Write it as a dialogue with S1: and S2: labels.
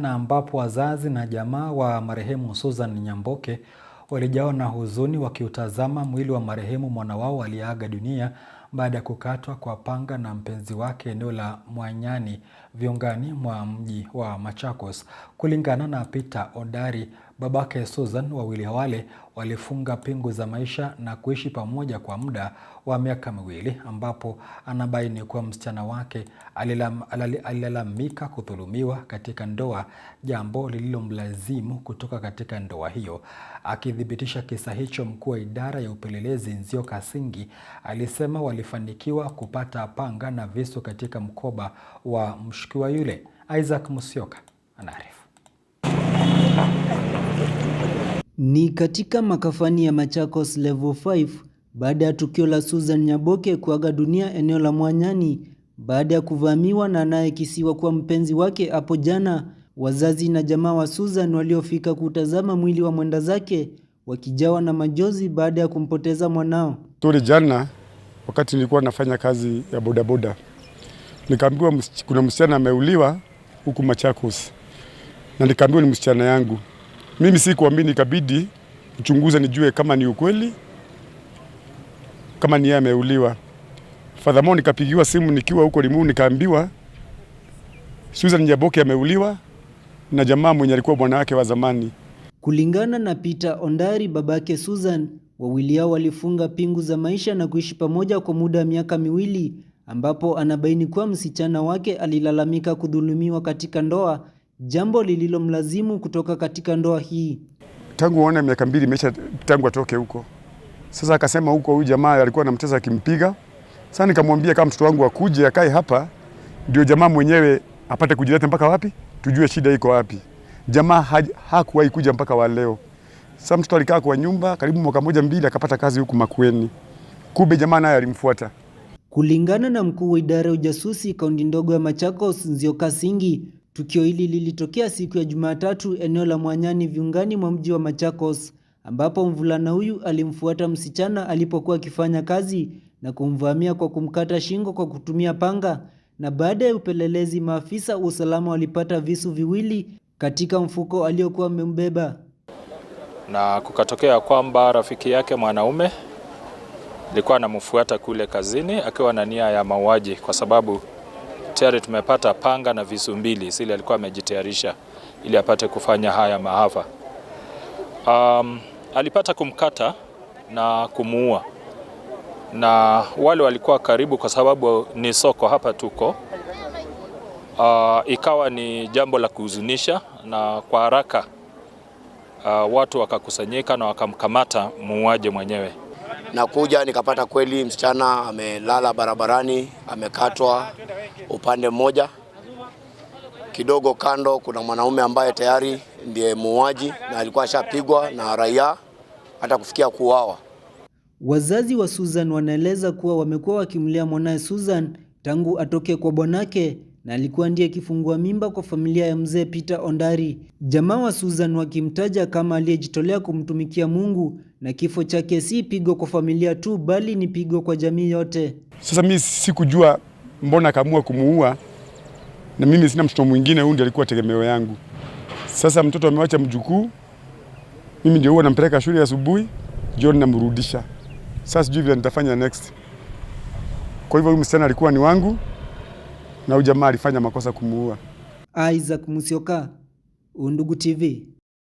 S1: Na ambapo wazazi na jamaa wa marehemu Susan Nyamboke walijawa na huzuni wakiutazama mwili wa marehemu mwana wao aliyeaga dunia baada ya kukatwa kwa panga na mpenzi wake eneo la Mwanyani viungani mwa mji wa Machakos. Kulingana na Peter Odari Babake Susan, wawili wale walifunga pingu za maisha na kuishi pamoja kwa muda wa miaka miwili, ambapo anabaini kuwa msichana wake alilalamika kudhulumiwa katika ndoa, jambo lililomlazimu kutoka katika ndoa hiyo. Akithibitisha kisa hicho, mkuu wa idara ya upelelezi Nzio Kasingi alisema walifanikiwa kupata panga na visu katika mkoba wa mshukiwa yule. Isaac musioka anaarifu.
S2: Ni katika makafani ya Machakos Level 5 baada ya tukio la Susan Nyaboke kuaga dunia eneo la Mwanyani baada ya kuvamiwa na anayekisiwa kuwa mpenzi wake hapo jana. Wazazi na jamaa wa Susan waliofika kutazama mwili wa mwenda zake wakijawa na majozi baada ya kumpoteza mwanao.
S3: Tuli jana, wakati nilikuwa nafanya kazi ya bodaboda, nikaambiwa kuna msichana ameuliwa huku Machakos, na nikaambiwa ni msichana yangu mimi si kuamini, ikabidi uchunguze nijue kama ni ukweli, kama ni yeye ameuliwa. Fadhamo, nikapigiwa simu nikiwa huko Limuru, nikaambiwa Susan Njaboke ameuliwa na jamaa mwenye alikuwa bwana wake wa zamani.
S1: Kulingana na Peter Ondari, babake Susan, wawili hao walifunga pingu za maisha na kuishi pamoja kwa muda wa miaka miwili ambapo anabaini kuwa msichana wake alilalamika kudhulumiwa katika ndoa jambo lililomlazimu kutoka katika ndoa hii.
S3: Tangu uone miaka mbili imesha tangu atoke huko. Sasa akasema huko huyu jamaa alikuwa anamtesa akimpiga. Sasa nikamwambia kama mtoto wangu akuje akae hapa ndio jamaa mwenyewe apate kujileta mpaka wapi? Tujue shida iko wapi. Jamaa ha, hakuwahi kuja mpaka wa leo. Sasa mtoto alikaa kwa nyumba karibu mwaka moja mbili, akapata kazi huku Makueni. Kube jamaa naye alimfuata.
S1: Kulingana na mkuu wa idara ya ujasusi kaunti ndogo ya Machakos, Nzioka Singi, Tukio hili lilitokea siku ya Jumatatu eneo la Mwanyani viungani mwa mji wa Machakos ambapo mvulana huyu alimfuata msichana alipokuwa akifanya kazi na kumvamia kwa kumkata shingo kwa kutumia panga na baada ya upelelezi maafisa wa usalama walipata visu viwili katika mfuko aliokuwa amembeba.
S4: Na kukatokea kwamba rafiki yake mwanaume alikuwa anamfuata kule kazini akiwa na nia ya mauaji kwa sababu tayari tumepata panga na visu mbili, sili alikuwa amejitayarisha ili apate kufanya haya maafa. Um, alipata kumkata na kumuua, na wale walikuwa karibu, kwa sababu ni soko hapa tuko. Uh, ikawa ni jambo la kuhuzunisha, na kwa haraka uh, watu wakakusanyika na wakamkamata muuaji mwenyewe
S5: nakuja nikapata kweli msichana amelala barabarani, amekatwa upande mmoja kidogo. Kando kuna mwanaume ambaye tayari ndiye muuaji na alikuwa ashapigwa na raia hata kufikia kuuawa.
S1: Wazazi wa Susan wanaeleza kuwa wamekuwa wakimlea mwanaye Susan tangu atoke kwa bwanake na alikuwa ndiye kifungua mimba kwa familia ya mzee Peter Ondari. Jamaa wa Susan wakimtaja kama aliyejitolea kumtumikia Mungu, na kifo chake si pigo kwa familia tu, bali ni pigo kwa jamii yote.
S3: Sasa mimi sikujua mbona akaamua kumuua, na mimi sina mtoto mwingine, huyu ndiye alikuwa tegemeo yangu. Sasa mtoto amewacha mjukuu, mimi ndio huwa nampeleka shule asubuhi, jioni namrudisha. Sasa sijui vile nitafanya next. Kwa hivyo huyu msichana alikuwa ni wangu na ujamaa jamaa alifanya makosa kumuua.
S1: Isaac musioka Undugu TV.